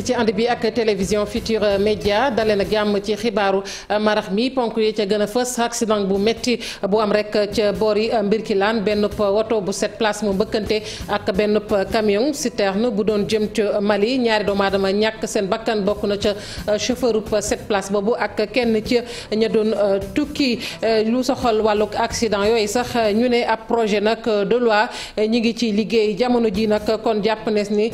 si ci ànd bi ak télévision Futurs Médias daleen ak jàmm ci xibaaru marax mi ponk yi ca gën a fës accident bu métti bu am rek ca boori Mbirkilaan benn woto bu sept place mu mbëkkante ak benn camion citerne bu doon jëm ca Mali ñaari doomu aadama ñàkk seen bakkan bokk na ca euh, chauffeur bu sept place boobu ak kenn ca ña doon euh, tukki euh, lu soxal wàllug accident yooyu sax ñu ne ab projet nag de loi ñi ngi ci liggéey jamono ji nag kon jàpp ni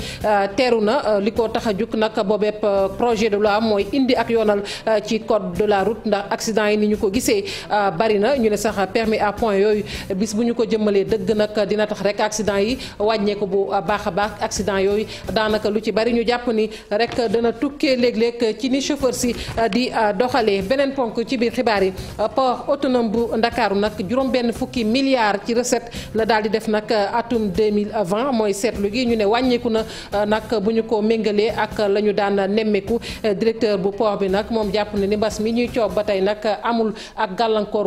teeru na li ko tax nag boobeeb euh, projet de loi mooy indi ak yoonal euh, ci code de la route ndax accident yi ni ñu ko gisee euh, bari na ñu ne sax permis à point yooyu bis bu ñu ko jëmmalee dëgg nag dina tax rek accident yi wàññeeku bu baax a baax accident yooyu daanaka lu ci bari ñu jàpp ni rek dana tukkee léeg-léeg ci ni chauffeur si di doxalee beneen ponk ci biir xibaar yi port autonome bu ndakaaru nag juróom benn fukki milliards ci recette la daal di def nag atum 2020 mooy seetlu gi ñu ne wàññeeku na nag la ñu daan nemmeeku eh, directeur bu port bi nag moom jàpp na ni mbas mi ñuy coob ba tey nag amul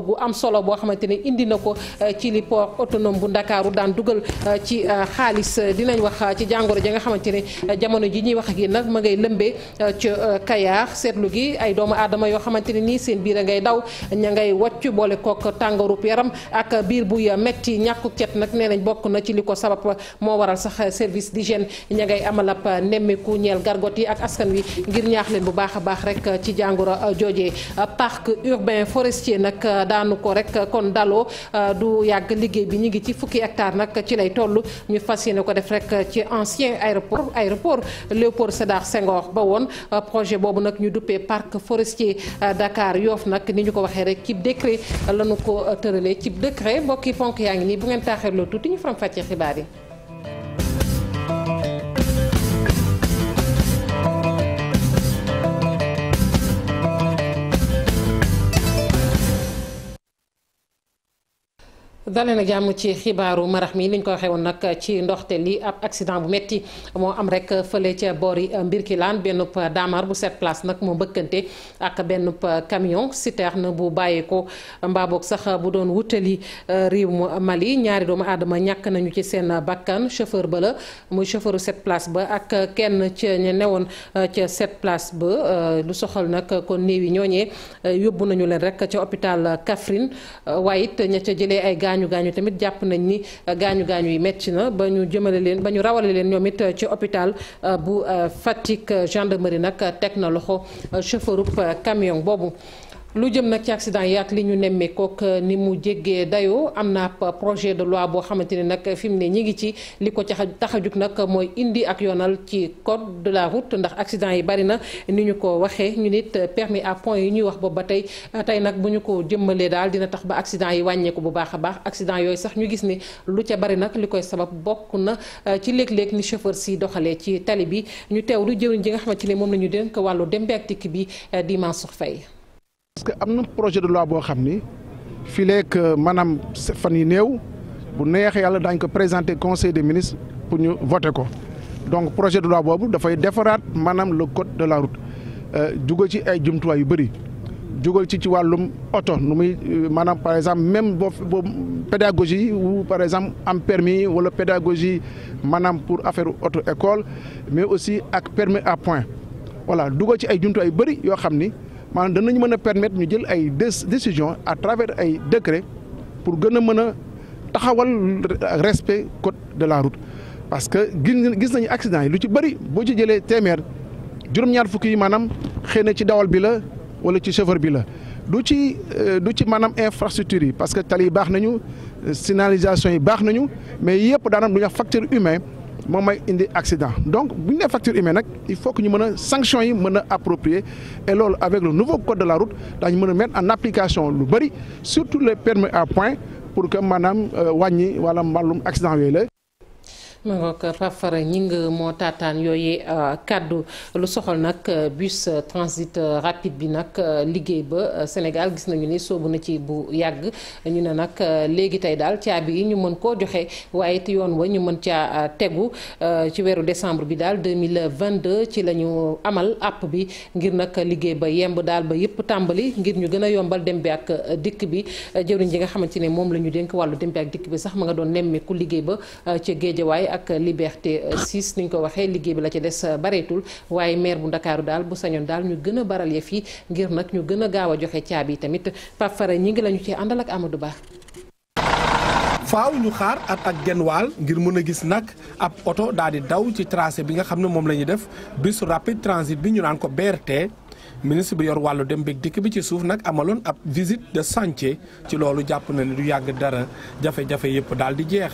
gu am solo boo xamante ni indi na ko eh, ci li port autonome bu ndakaaru daan dugal eh, ci xaalis dinañ wax ci jàngoro ji nga xamante ni jamono ji ñuy wax ak nag ma ngay lëmbee ca Kayar seetlu gi ay doomu aadama yoo xamante ne nii seen biir ngay daw ña ngay wàcc boole kook tàngoorub yaram ak biir buy metti ñàkku cet nag nee bokk na ci li nemmeeku ñeel gargo njaboot ak askan wi ngir ñaax leen bu baax a baax rek uh, ci jàngoro uh, joojee uh, parc urbain forestier nag daanu ko rek kon daloo du yàgg liggéey bi ñu ngi ci fukki hectare nag ci lay toll ñu fas yéene ko def rek ci ancien aéroport aéroport Léopold Sédar Senghor ba woon projet boobu nag ñu duppee parc forestier Dakar Yoff nag ni ñu ko waxee rek ci décret lañu ko tëralee ci décret mbokki ponk yaa ngi nii bu ngeen taaxeerloo tuuti ñu faram fàccee xibaar yi dale na jàmm ci xibaaru marax mi li ñu ko waxee woon nag ci ndoxte li ab accident bu métti moo am rek fële ca boori Mbirkilaan benn daamar bu sept place nag moo mbëkkante ak benn camion na bu bàyyeekoo mbaaboog sax bu doon wutali euh, réew mu Mali ñaari doomu aadama ñàkk nañu ci seen bakkan chauffeur ba la muy chauffeuru sept place ba ak kenn ca ñu newoon euh, ca set place ba euh, lu soxal nag kon néew yi ñooñee yóbbu nañu leen rek ca hôpital Kaffrine waaye it ña ca jëlee gaañu tamit jàpp nañ ni euh, gaañu gaañu yi metti na ba ñu jëmalee leen ba ñu rawalee leen ñoom it euh, ci hôpital euh, bu Fatick gendarmerie nag teg na loxo chauffeurub camion boobu. lu jëm nag ci accident yaat li ñu kook euh, ni mu jéggee dayoo am na projet de loi boo xamante ne nag fi mu ne ñi ngi ci li ko tax a jug nag mooy indi ak yoonal ci code de la route ndax accident yi bari na ni ñu ko waxee ñu nit euh, permis à yi ñuy wax boobu ba tey euh, tey nag bu ñu ko jëmmalee daal dina tax ba accident yi wàññeeku bu baax a baax accident yooyu sax ñu gis ni lu ca bari nag li koy sabab bokk na ci léeg-léeg ni chauffeur si doxalee ci tali bi ñu teew teewlu jëwriñ ji nga xamante ne moom la ñu dénk wàllu dembe bi di Mansour Faye parce que am na projet de loi boo xam ni fii leeg euh, maanaam fan yi néew bu neex yàlla daañ ko présenter conseil des ministres pour ñu voter ko donc projet de loi boobu dafay defaraat maanaam le code de la route euh, jugal ci ay jumtuwaay yu bëri jugal ci ci wàllum oto nu muy euh, maanaam par exemple même boo boo pédagogie ou par exemple am permis wala pédagogie maanaam pour affaire auto école mais aussi ak permis à point voilà dugal ci ay jumtuwaay yu bëri yoo xam ni maanaam danañu mën a permettre ñu jël ay décision à travers ay décret pour gën a mën a taxawal respect code de la route parce que gis nañu accident yi lu ci bëri boo ci jëlee téeméer juróom-ñaar fukki yi maanaam xëy na ci dawal bi la wala ci chauffeur bi la du ci euh, du ci maanaam infrastructure yi parce que tali yi baax nañu signalisation yi baax nañu mais yëpp daanam lu ñu facteur humain moom may indi accident donc bu ñu nee facture humaine nag il faut que ñu mën a sanction yi mën a approprier et loolu avec le nouveau code de la route daañu mën a mettre en application lu bëri surtout les permis à point pour que maanaam euh, wàññi wala mbàllum accident yooyu la ma nga ko Pape Fara Ñing moo taataan yooyee euh, kàddu lu soxal nag euh, bus euh, transit rapide bi nag liggéey ba Sénégal gis nañu ni soobu na ci bu yàgg ñu ne nag léegi tey daal caabi yi ñu mën koo joxe waaye it yoon wa ñu mën caa tegu ci weeru décembre bi daal 2022 ci la ñu amal app bi ngir nag liggéey ba yemb daal ba yëpp tàmbali ngir ñu gën a yombal dem bi ak dikk bi jëwriñ ji nga xamante ne moom la ñu dénk wàllu dem bi ak dikk bi sax mu nga doon nemmeeku liggéey ba c géejawaay ak Liberté euh, sis ni ko waxee liggéey bi la ci des euh, bareetul waaye maire bu Ndakaaru daal bu sañoon daal ñu gën a baral yëf yi ngir nag ñu gën a gaaw a joxe caabi tamit Pape Fara ñi ngi lañu ci àndal ak ama du faaw ñu xaar at ak genn ngir mën a gis nag ab oto daal di daw ci tracé bi nga xam ne moom la ñuy def bus rapide transit bi ñu naan ko BRT ministre bi yor wàllu dem beeg dikk bi ci suuf nag amaloon ab visite de sance ci loolu jàpp na ne du yàgg dara jafe yëpp daal di jeex.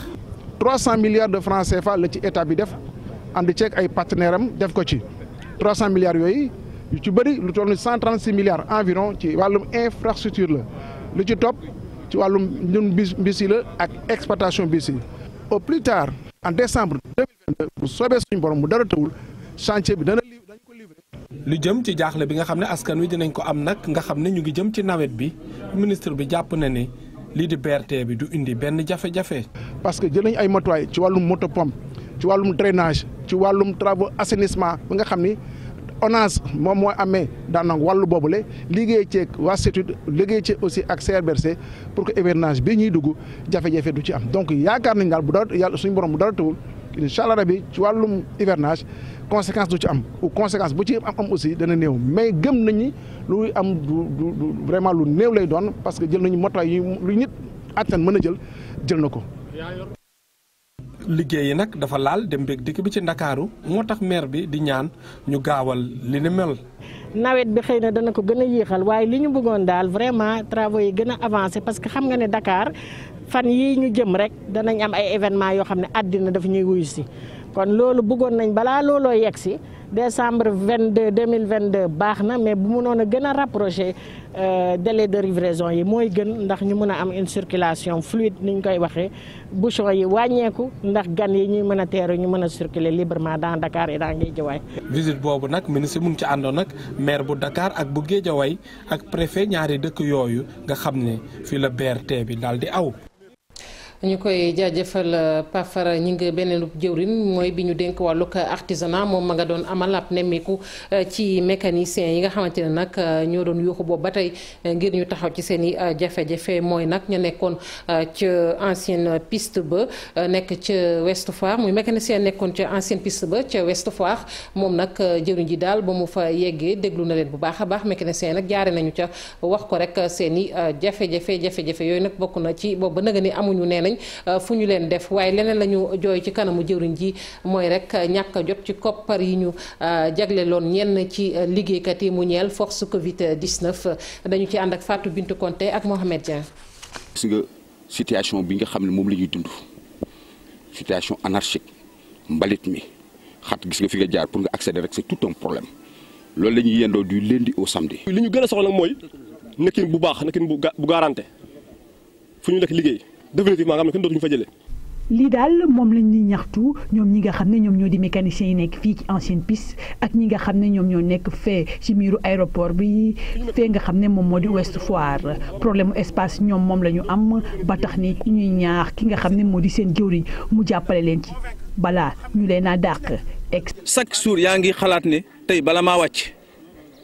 300 milliards de francs CFA la ci état bi def ànd ceeg ay partenaires am def ko ci 300 milliards yooyu yu ci bëri lu toll ni 136 milliards environ ci wàllum infrastructure la lu ci topp ci wàllum ñun bis yi la ak exploitation bis yi au plus tard en décembre 2022 bu soobee suñu borom mu dara tawul chantier bi dana dañ ko livré. lu jëm ci jaaxle bi nga xam ne askan wi dinañ ko am nag nga xam ne ñu ngi jëm ci nawet bi ministre bi jàpp na ni lii di berte bi du indi benn jafe-jafe. parce que jël nañ ay matuwaay ci wàllum moto pompe ci wàllum drainage ci wàllum travaux assainissement bi nga xam ni ONAS moom moo amee daanaka wàllu boobule liggéey ceeg waa CETUD liggéey ci aussi ak CRBC pour que hivernage bi ñuy dugg jafe-jafe du ci am donc yaakaar nañ daal bu dara yàlla suñu borom bu dara tawul incha allah bi ci wàllum hivernage conséquence du ci am ou conséquence bu ci am am aussi dana néew mais gëm nañu luy am vraiment lu néew lay doon parce que jël nañu motaay yu lu nit attan mën a jël jël na ko. liggéey nag dafa laal dem beeg dikk bi ci ndakaaru moo tax maire bi di ñaan ñu gaawal li ni mel. nawet bi xëy na dana ko gën a yéexal waaye li ñu bëggoon daal vraiment travaux yi gën a avancé parce que xam nga ne Dakar fan yii ñu jëm rek danañ am ay événement yoo xam ne àddina dafa ñuy wuyu si kon loolu bëggoon nañ balaa looloo yegg si décembre 22 2022 baax na mais bu munoon a gën a rapproché euh, délai de livraison yi mooy gën ndax ñu mën a am une circulation fluide ni ñu koy waxee bouchon yi wàññeeku ndax gan yi ñuy mën a teeru ñu mën a circuler librement dans yi et dans Guédiawaye. visite boobu nag ministre mu ngi ci àndoon nag maire bu Dakar ak bu Guédiawaye ak ñaari dëkk yooyu nga xam ne fii la BRT bi daal di aw. ñu koy jaajëfal euh, Pafara ñi nga beneen jëwrin mooy bi ñu dénk wàllug artisanat moom ma nga doon amal ab nemmeeku euh, ci mécaniciens yi nga xamante ne nag euh, ñoo doon yuuxu boobu ba tey ngir ñu taxaw ci seen i jafe-jafe mooy nag ñu nekkoon ca ancienne piste ba nekk ca Ouest Foire muy mécanicien nekkoon ca ancienne piste ba ca Ouest moom nag jëwriñ ji daal ba mu fa yeggee déglu na bu baax a baax mécanicien nag jaare nañu ca wax ko rek seen i jafe-jafe yooyu nag bokk na ci boobu ba ni amuñu neen nañ euh, fu ñu leen def waaye leneen la ñu jooy ci kanamu jëwriñ ji mooy rek ñàkk jot ci koppar yi ñu jagle euh, jagleloon ñenn ci euh, liggéeykat yi mu ñeel force Covid 19 dañu ci ànd ak Fatou Bintou Konté ak Mohamed Dieng. gis nga situation bi nga xam ne moom lañuy ñuy dund situation anarchique mbalit mi xat gis nga fi nga jaar pour nga accéder rek c'est tout un problème loolu la ñuy yendoo du lundi au samedi. li ñu gën a soxla mooy nekkin bu baax nekkin bu garanté fu ñu nekk liggéey. définitivement nga xam ne kenn dootuñu fa jëlee. lii daal moom lañ ñuy ñaxtu ñoom ñi nga xam ne ñoom ñoo di mécaniciens yi nekk fii ci ancienne piste ak ñi nga xam ne ñoom ñoo nekk fee ci miiru aéroport bi fee nga xam ne moom moo di Ouest Foire problème espace ñoom moom la ñu am ba tax ni ñuy ñaax ki nga xam ne moo di seen jëwriñ mu jàppale leen ci balaa ñu leen a dàq. chaque jour yaa ngi xalaat ne tey bala maa wàcc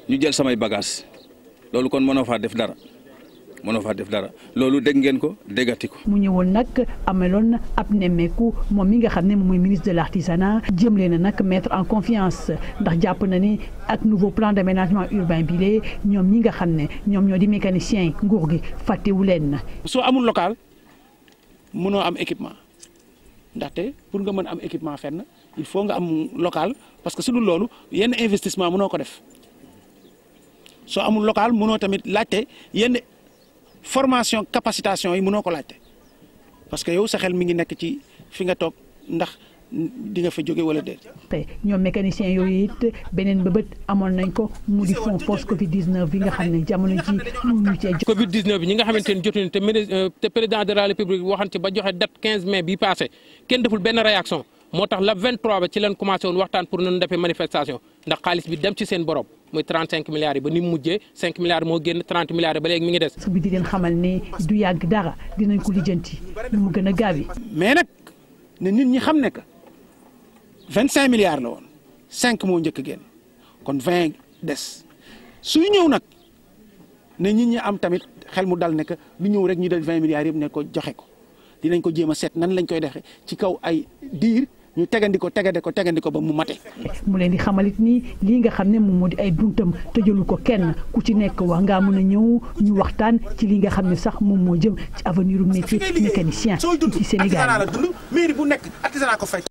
ñu jël samay bagage loolu kon mënoo faa def dara. mënoo faa def dara loolu dégg ngeen ko déggati ko. mu ñëwoon nag ameloon ab nemmeeku moom mi nga xam ne moom mooy ministre de l'artisanat jëm leen a nag mettre en confiance ndax jàpp na ni ak nouveau plan de d'aménagement urbain bi lee ñoom ñi nga xam ne ñoom ñoo di mécaniciens yi nguur gi fàttewu leen. soo amul local mënoo am équipement ndaxte pour nga mën am équipement fenn il faut nga am local parce que su dul loolu yenn investissement mënoo ko def soo formation capacitation yi mënoo ko laajte parce que yow sa xel mi ngi nekk ci fi nga toog ndax di nga fa jóge wala déet. ñoom mécanicien yooyu it beneen bëbët amoon nañ ko mu di fond post Covid 19 bi nga xam ne jamono ji Covid 19 bi ñi nga xamante ni jotuñu te euh, te président de la république waxan ci ba joxe date 15 mai bi passé kenn deful benn réaction moo tax la 23 ba ci leen commencé woon waxtaan pour nañu defee manifestation ndax xaalis bi dem ci seen borom. muy 35 milliards yi ba ni mu mujjee 5 milliards moo génn 30 milliards yi ba léegi mi ngi des. su bi di xamal ne du yàgg dara dinañ ko lijjanti nu mu gën a gaawee. mais nag ne nit ñi xam ne que cinq milliards la woon cinq moo njëkk a génn kon 20 des suy ñëw nag ne nit ñi am tamit xel mu dal ne que lu ñëw rek ñu del vingt milliards yëpp ne joxe ko dinañ ko jéem a seet nan lañ koy dexe ci kaw ay diir. ñu tegandi ko tegandi ko tegandi ko ba mu mate. mu leen di xamalit ni lii nga xam ne moom moo di ay buntam tëjalu ko kenn ku ci nekk wax ngaa mun a ñëw ñu waxtaan ci li nga xam ne sax moom moo jëm ci avenir u métier mécanicien ci Sénégal mairie bu nekk artisanat ko fay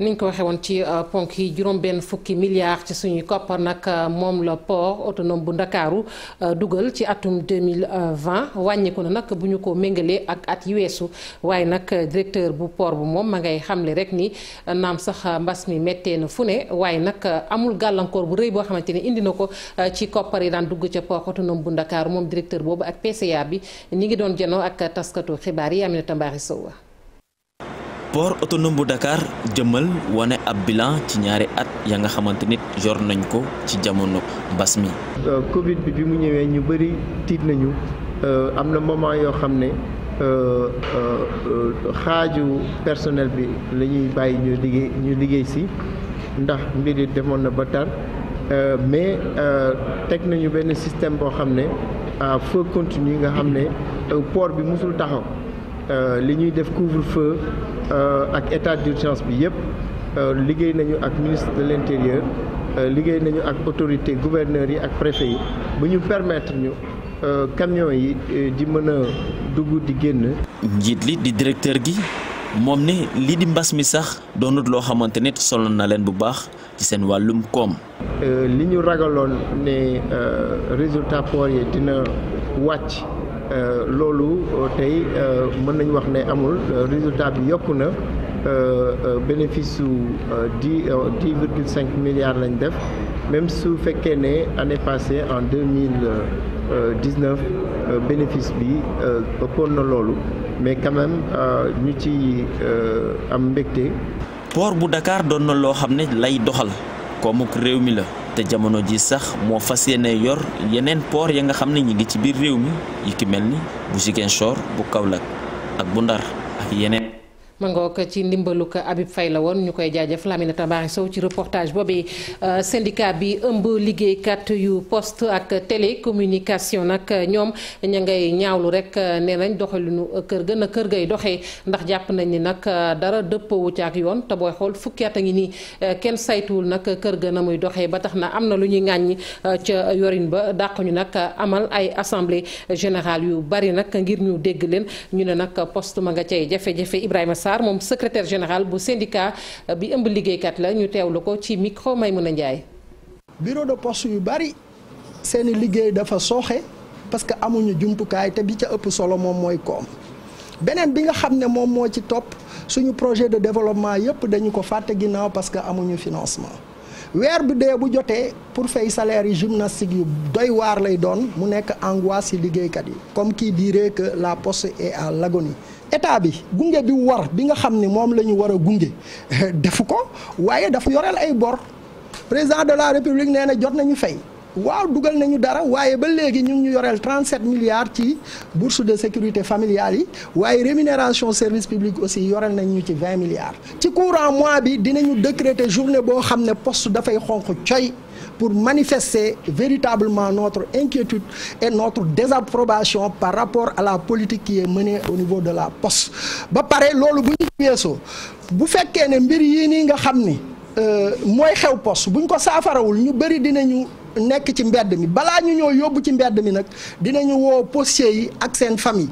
niñ ko waxee woon ci euh, ponk yi juróom-benn fukki milliards ci suñuy koppar nag euh, moom la port autonome bu ndakaaru euh, dugal ci atum 2020 wàññiku na nag bu ñu ko méngalee ak at yi weesu waaye nag directeur bu port bu moom ma ngay xamle rek ni naam sax mbas mi méttee na fu ne waaye nag amul gàllankoor bu rëy boo xamante ni indi na ko ci koppar yi daan dugg ca port autonome bu ndakaaru moom directeur boobu ak PCA bi ñi ngi doon janoo ak taskatu xibaar yi amee Mbaari Sow port autonome bu Dakar jëmmal wane ab bilan ci ñaari at ya nga xamante nit yor nañ ko ci jamono mbas mi. Euh, Covid bi mu ñëwee ñu bëri tiit nañu euh, am na moment yoo xam ne euh, xaaju personnel bi la ñuy bàyyi ñu liggéey ñu liggéey si ndax mbir yi demoon na ba tar mais teg nañu benn système boo xam ne à feu continu nga xam ne port bi musul taxaw. Euh, li ñuy def couvre-feu euh, ak état d'urgence bi yëpp euh, liggéey nañu ak ministre de l'intérieur liggéey nañu ak autorité gouverneurs yi ak préfet yi bu ñu permettre ñu camion yi di mën a dugg di génn. njiit li di directeur gi moom ni lii di mbas mi sax doonut loo xamante ne sonal na leen bu baax ci seen wàllum koom. li ñu ragaloon ne résultat port yi dina wàcc. Euh, loolu euh, tey euh, mën nañu wax ne amul résultat bi yokku na bénéfice su dix dix virgule cinq milliards lañ def même su fekkee ne année passée en deux mille dix neuf bénéfice bi ëppoon na loolu mais quand même ñu ci am mbégte. port bu Dakar doon na loo xam ne lay doxal koomuk réew mi la. te jamono ji sax moo fas yéene yor yeneen port ya nga xam ne ñi ngi ci biir réew mi yi ki mel ni bu Ziguinchor bu Kaolack ak bu Ndar ak yeneen mangoo ko ci ndimbaluk Habib fay la woon ñu koy jaajëf Laminata Bari Sow ci reportage boobee euh, syndicat bi ëmb liggéeykat yu post ak télécommunication nag ñoom ña ngay ñaawlu rek euh, nee nañ doxalinu kër ga na kër gay doxee ndax jàpp nañ ni nag euh, dara dëppoowu ci ak yoon te booy xool fukki at a ngi nii kenn saytuwul nag kër ga na muy doxee ba tax na am na lu ñuy ŋàññi ca yorin ba dàquñu ñu nag amal ay assemblée générale yu bari nag ngir ñu dégg leen ñu ne nag poste ma nga cay jafe Ibrahima Sall Sarr moom secretaire général bu syndicat euh, bi ëmb liggéeykat la ñu teew teewlu ko ci micro Maimouna Ndiaye. bureau de poste yu bari seeni liggéey dafa sooxe parce que amuñu jumtukaay te bi ca ëpp solo moom mooy koom beneen bi nga xam ne moom moo ci topp suñu projet de développement yëpp dañu ko fàtte ginnaaw parce que amuñu financement weer bu dee bu jotee pour fay salaire yi gymnastique yu doy waar lay doon mu nekk angoisse ci liggéeykat yi comme qui dirait que la poste est à l'agonie état bi gunge bi war bi nga xam ni moom la ñu war a gunge defu ko waaye dafa yoreel ay bor président de la république nee na jot nañu fay waaw dugal nañu dara waaye ba léegi ñu ngi ñu yoreel 37 milliards ci bourse de sécurité familiale yi waaye rémunération service public aussi yoreel nañ ñu ci 20 milliards. ci courant mois bi dinañu décréter journée boo xam ne post dafay xonq coy. pour manifester véritablement notre inquiétude et notre désapprobation par rapport à la politique qui est au niveau de la poste ba pare loolu bu ñu weesoo bu fekkee ne mbir yi nii nga xam ni euh, mooy xew poste buñ ko saafarawul ñu bëri dinañu nekk ci mbedd mi balaa ñu ñoo yóbbu ci mbedd mi nag dinañu woo postiers yi ak seen famille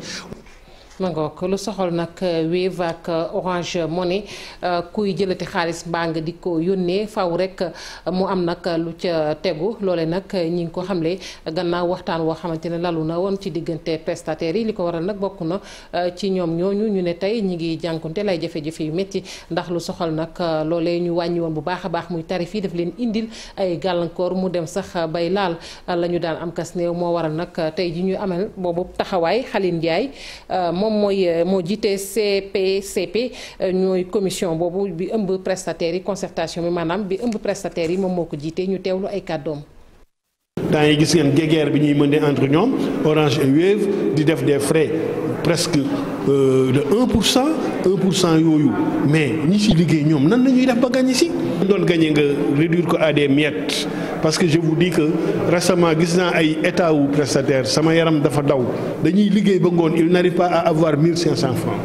ma ngoog lu soxal nag eh, Wave ak eh, Orange Money eh, kuy jëlati xaalis banque di ko yónnee faw rek mu am nag lu ca tegu loole nag ñi ngi ko xamle gannaaw waxtaan woo xamante ne lalu na woon ci diggante prestataires yi li ko waral nag bokku na ci ñoom ñooñu ñu ne tey ñi ngi jànkunte lay jafe-jafe yu métti ndax lu soxal nag loolee ñu wàññi woon bu baax a baax muy tarif yi daf leen indil ay gàllankoor mu dem sax bay laal la ñu daan am kas néew moo waral nag tey ji ñu amal boobu taxawaay Xaline Ndiaye moom mooy euh, moo jiitee CPCP euh, ñooy commission boobu bi ëmb prestataires yi concertation bi maanaam bi ëmb prestataires yi moom moo ko jiitee ñu teewlu ay kàddoom. temps yi gis ngeen guéguerre bi ñuy mënee entre ñoom Orange et Wave di def des frais presque euh, de 1 pour cent un pour cent yooyu mais ñi ci liggéey ñoom nan la ñuy def ba gagné ci. doon gagné nga réduire ko à des miettes parce que je vous dis que récemment gis naa ay état wu prestataire sama yaram dafa daw dañuy liggéey ba ngoon il na pas à avoir cinq cent francs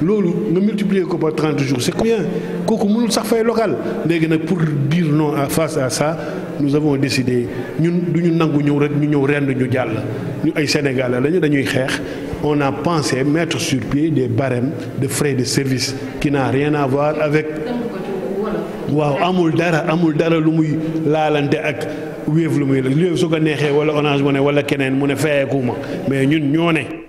loolu nga multiplier ko par trente jours c'est combien kooku mënul sax fay local léegi nag pour dire non à face à ça nous avons décidé ñun du ñu nangu ñëw rek ñu ñëw rend ñu jàll ñu ay la lañu dañuy xeex. on a pensé mettre sur pied des barèmes de frais de service qui n'a rien à avec waaw amul dara amul dara lu muy laalante ak wéef lu muy wéef su ko neexee wala Orange ne wala keneen mu ne fayeeku mais ñun ñoo ne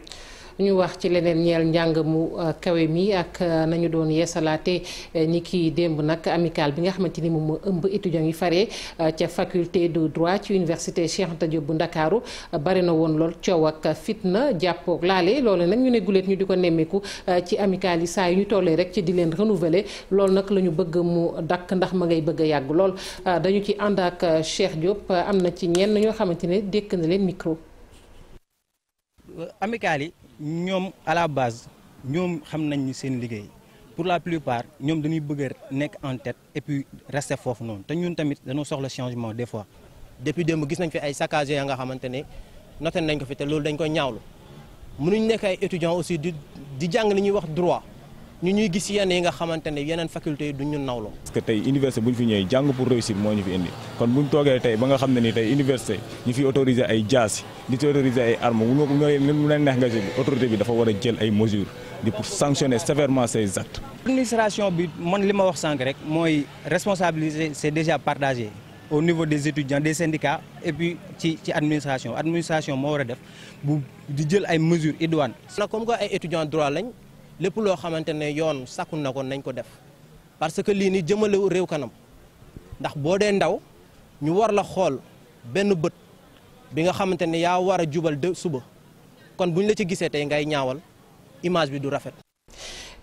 ñu wax ci leneen ñeel njàng mu euh, kawe mi ak euh, nañu doon yeesalaate euh, ni ki démb nag amical bi nga xamante ni moom moo ëmb étudiants yi faree ca faculté de droit ci université Cheikh Anta bu Ndakaaru bari na woon lool coow ak fitna jàppook laale loole nag ñu ne guleet ñu di ko nemmeeku ci amical yi saa yu ñu tollee rek ci di leen renouveler loolu nag la ñu bëgg mu dakk ndax ma ngay bëgg a yàgg lool dañu ci ànd ak Cheikh Diop am na ci ñenn ñoo xamante ne dékk na leen micro. yi ñoom à la base ñoom xam nañ ni seen liggéey pour la plupart ñoom dañuy bëgg nekk en tête et puis rester foofu noonu te ñun tamit dañoo soxla changement des fois. depuis démb gis nañ fi ay saccage ya nga xamante ne noté nañ ko fi te loolu dañ koy ñaawlu mënuñ nekk ay étudiants aussi di di jàng li ñuy wax droit. ñu ñuy gis yenn yi nga xamante ne yeneen faculté yi du ñu nawloo. parce que tey université bu ñu fi ñëwee jàng pour réussir moo ñu fi indi kon bu toogee tey ba nga xam ne ni tey université ñu fi autorisé ay jaas di ci autorisé ay armes mu ne neex nga si autorité bi dafa war a jël ay mesures di pour sanctionner sévèrement ces actes. administration bi man li ma wax sànq rek mooy responsabilité c'est déjà partagé. au niveau des étudiants des syndicats et puis ci ci administration administration moo war a def bu di jël ay mesures idoines. na comme que ay étudiants droit lañ. lépp loo xamante ne yoon sakkul na ko nañ ko def parce que lii ni jëmale réew kanam ndax boo dee ndaw ñu war la xool benn bët bi nga xamante ne yaa war a jubal de suba kon bu ñu la ci gisee tey ngay ñaawal image bi du rafet.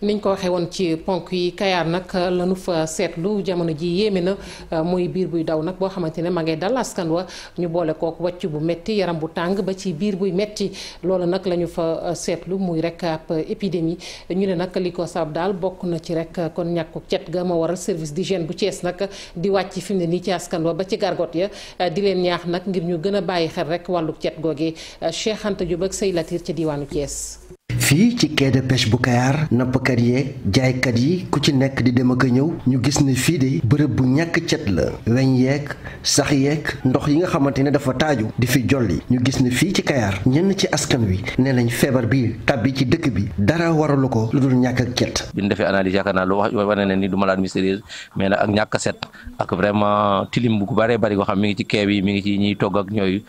niñ ko waxee woon ci ponk yi kayaar nag lanu fa seetlu jamono ji yéeme na euh, muy biir buy daw nag boo xamante ne ma ngay dal askan wa ñu boole kook wacc bu métti yaram bu tàng ba ci biir buy métti loolu nag la ñu fa euh, seetlu muy rek ab épidémie ñu ne nag li ko sabab daal bokk na ci rek euh, kon ñàkku cet ga ma waral service di d'hygiène bu cees nag di wàcc fi mu ne nii ci askan wa ba ci gargot ya di leen ñaax nag ngir ñu gën a bàyyi xel rek wàllu cet googee Cheikh Anta Diop ak Sey diwaanu Thiès fii ci quai de pêche bu Kayar nappkat yeeg jaaykat yi ku ci nekk di dem ak a ñëw ñu gis ne fii de bërëb bu ñàkk cet la weñ yeeg sax yeeg ndox yi nga xamante ne dafa taaju di fi jolli ñu gis ne fii ci Kayar ñenn ci askan wi nee nañ feebar bi tàbbi ci dëkk bi dara waralu ko lu dul ñàkk ak cet. bi ñu defee analyse yaakaar naa lu wax wane ne ni du malade mystérieuse mais nag ak ñàkk set ak vraiment tilim bu bare bari ko xam mi ngi ci quai yi mi ngi ci ñuy togg ak ñooyu.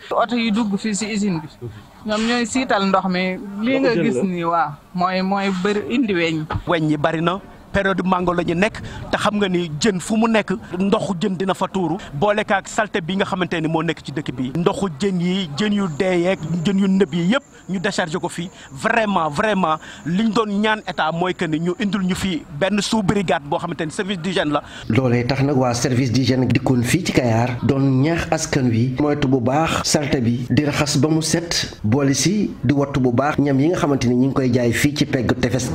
ñoom ñooy siital ndox mi. lii nga gis nii waaw mooy mooy bëri weñ. weñ yi bari na. période mango la ñu nekk te xam nga ni jën fu mu nekk ndoxu jën dina fa tuuru boole kaak salte bi nga xamante ne moo nekk ci dëkk bi ndoxu jën yi jën yu deeyeeg jën yu nëb yi yëpp ñu déchargé ko fii vraiment vraiment ñu doon ñaan état mooy que ni ñu indul ñu fii benn sous brigade boo xamante ni service d'hygiène la. loolee tax nag waa service d'hygiène dikkoon fii ci Kayar doon ñaax askan wi moytu bu baax salte bi di raxas ba mu set boole si di wattu bu baax ñam yi nga xamante ni ñu ngi koy jaay fii ci pegg tefes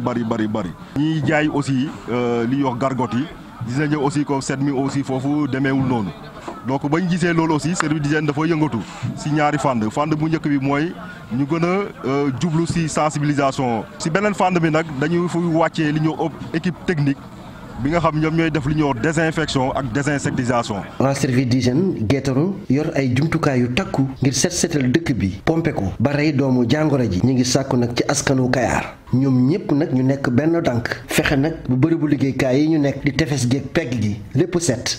bari bari bari bari ñiy jaay aussi euh, li ñuy wax gargote yi gis nañu aussi ko set mi aussi foofu demeewul noonu donc bañ gisee loolu aussi service d'hygiène dafa yëngatu si ñaari fànn fànn bu njëkk bi mooy ñu gën a euh, jublu si sensibilisation si beneen fànn bi nag dañu fuy wàccee li ñu ëpp équipe technique bi nga xam ñoom ñooy def li ñuy wax désinfection ak désinsectisation. waa service d'hygiène geetaru yor ay jumtukaay yu takku ngir set setal dëkk bi pompe ko ba rey doomu jàngoro ji ñu ngi sàkku nag ci askanu Kayaar ñoom ñépp nag ñu nekk benn dànk fexe nag bu bërëbu liggéeykaay yi ñu nekk di tefes geeg pegg gi lépp set.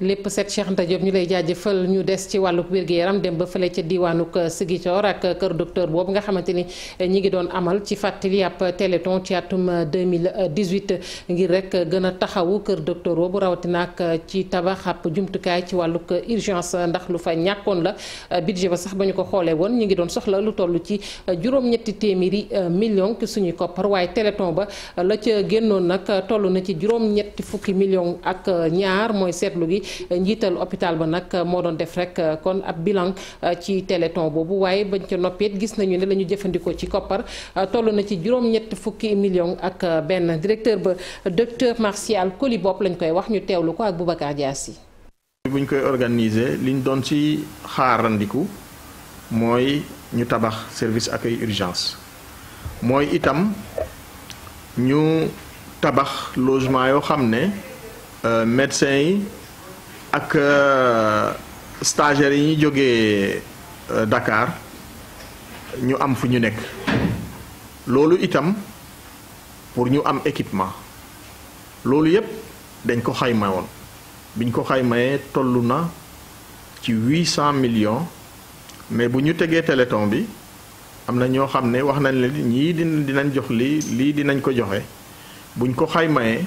lépp set Cheikh Anta ñu lay jaajëfal ñu des ci wàlluk wér yaram dem ba fële ca diwaanu Sigicoor euh, ak euh, kër docteur boobu nga xamante ni euh, ñi ngi doon amal ci fàttali ab téléthon ci atum 2018 ngir rek gën a taxawu kër docteur boobu rawatina ak ci tabax ab jumtukaay ci wàlluk urgence ndax lu fa ñàkkoon la budget ba sax ba ñu ko xoolee woon ñi ngi doon soxla lu tollu ci juróom-ñetti téeméeri million ki suñuy koppar waaye téléthon ba la ca génnoon nag toll na ci juróom fukki million ak ñaar mooy seetlu gi njiital hôpital ba nag moo doon def rek euh, kon ab bilan euh, ci téléthon boobu waaye bañ ca noppeet gis nañu ne la jëfandikoo ci koppar euh, toll na ci juróom-ñett fukki million ak benn directeur ba docteur Martial Colibop lañ koy wax ñu teewlu ko ak Boubacar Diassi buñ koy organiser liñ doon ci xaarandiku mooy ñu tabax service accueil urgence mooy itam ñu tabax logement yoo xam ne médecins yi ak euh, stagiaires yi ñuy jógee euh, dakaar ñu am fu ñu nekk loolu itam pour ñu am équipement loolu yépp dañ ko xayma woon biñ ko xaymayee tollu na ci huit cent millions mais bu ñu tegee téléthon bi am na ñoo xam ne wax nañ leen ñii dinañ jox lii lii dinañ ko joxe buñ ko xaymayee.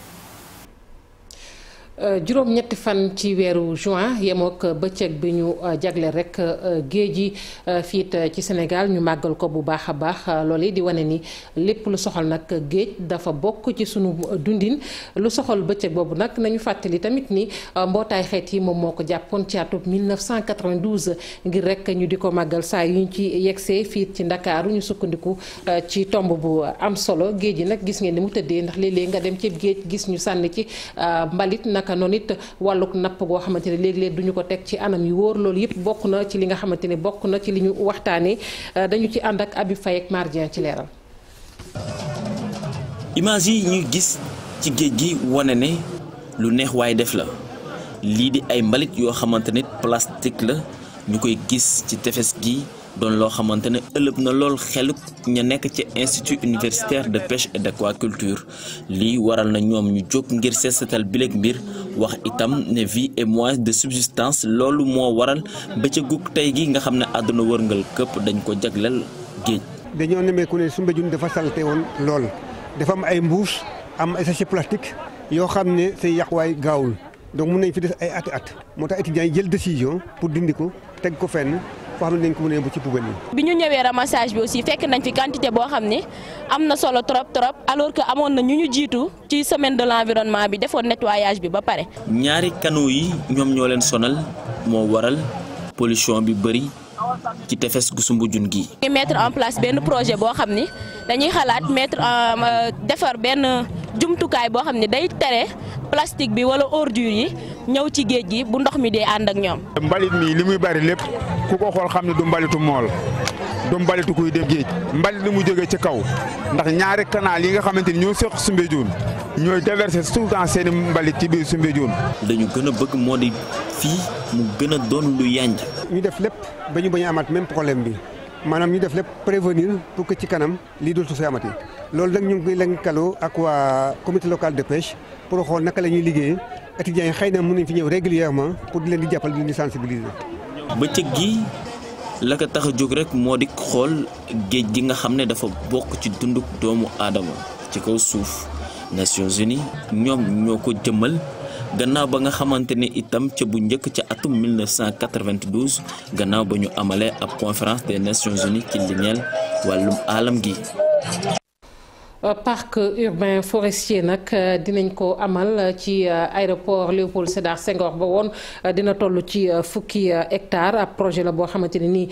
Euh, juróom-ñetti fan ci weeru juin yemook bëccëg bi ñu euh, jagle rek euh, géej gi fiit ci Sénégal ñu màggal ko bu baax a baax loolu yi di wane ni lépp lu soxal nag géej dafa bokk ci sunu dundin lu soxal bëccëg boobu nag nañu fàttali tamit ni mbootaay xeet yi moom moo ko jàppoon ci atub 1992 ngir rek ñu di ko màggal saa yu ñu ci yegsee fiit ci ndakaaru ñu sukkandiku ci tomb bu am solo géej gi nag gis ngeen ni mu tëddee ndax léeg nga dem ci géej gis ñu sànni ci mbalit naka naka it wàlluk napp goo xamante ne léeg-léeg duñu ko teg ci anam yi wóor loolu yëpp bokk na ci li nga xamante ne bokk na ci li ñu waxtaane euh, dañu ci ànd ak abi Faye ak Mardien ci leeral. image yi ñuy gis ci géej gi wane ne lu neex waaye def la lii di ay mbalit yoo xamante ne plastique la ñu koy gis ci tefes gi. doon loo xamante ne ëllëg na lool xeluk ña nekk ci institut universitaire de pêche et d'aquaculture lii waral na ñoom ñu jóg ngir seetal bileeg mbir wax itam ne vie et moyens de subsistance loolu moo waral bëccëgug tey gi nga xam ne àdduna wërngal këpp dañ ko jagleel géej. dañoo nemmeeku ne mbejum dafa salte woon lool dafa am ay mbuus am ay sachet plastique yoo xam ne say yàquwaay gaawul donc mën nañ fi des ay at at moo tax étudiants yi jël décision pour dindi ko teg ko fenn. koo xam ne dañ ko mën bi ñu ñëwee ramassage bi aussi fekk nañ fi quantité boo xam ne am na solo trop trop alors que amoon na ñu ñu jiitu ci semaine de l'environnement bi defoon nettoyage bi ba pare. ñaari canaux yi ñoom ñoo leen sonal moo waral pollution bi bëri. ci tefes gu Soumbédioune gi. ñu en place benn projet boo xam ni dañuy xalaat mettre euh, defar benn jumtukaay boo xam ni day tere plastique bi wala ordure yi ñëw ci géej gi bu ndox mi dee ànd ak ñoom. mbalit mi li muy bari lépp ku ko xool xam ne du mbalitu mool. du mbalitu kuy dem géej mbalit li mu jógee ci kaw ndax ñaari canal yi nga xamante ni ñoo seq Soumbédioune ñooy déverser tout le temps seen mbalit ci biir Soumbédioune. dañu gën a bëgg moo di fii mu gën a doon lu yànj. ñu def lépp ba ñu bañ amat amaat même bi maanaam ñu def lépp prévenir pour que ci kanam lii dootul fi yi loolu nag ñu ngi lëkkaloo ak waa comité local de pêche pour xool naka la ñuy liggéey étudiants yi xëy na mën nañ fi ñëw régulièrement pour leen di jàppal di leen di la ko tax a jóg rek moo di xool géej gi nga xam ne dafa bokk ci dunduk doomu aadama ci kaw suuf Nations Unies ñoom ñoo ko jëmmal gannaaw ba nga xamante ne itam ca bu njëkk ca atum 1992 gannaaw ba ñu amalee ab conférence des Nations Unies ci li ñeel wàllum aalam gi Euh, parc urbain forestier nag euh, dinañ ko amal euh, ci aéroport Léopold Sédar Senghor ba woon dina toll ci fukki hectare ab projet la boo xamante ne nii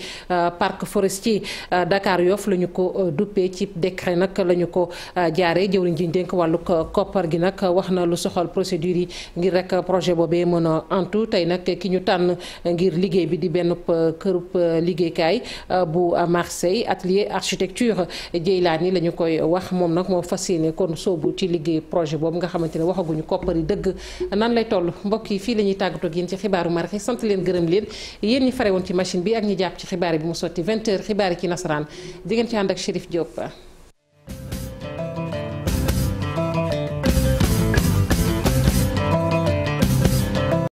parc forestier dakaar Yoff la ñu ko duppee ci décret nag lañu ñu ko jaaree jëwriñ ji dénk wàllug koppar gi nag wax na lu soxal procédure yi ngir rek projet boobee mën a antu tey nag ki ñu tànn ngir liggéey bi di benn kërub liggéeykaay bu Marseille atelier architecture Jeylaani la ñu koy wax moom nag moo fas yéene kon soobu ci liggéey projet boobu nga xamante ne waxaguñu koppar dëgg nan lay toll mbokk yi fii la ñuy tàggatoo ak ci xibaaru marax yi sant leen gërëm leen yéen ñi fare woon ci machine bi ak ñi jàpp ci xibaar bi mu sotti 20 xibaar yi ci nasaraan di ngeen ci ànd ak Chérif Diop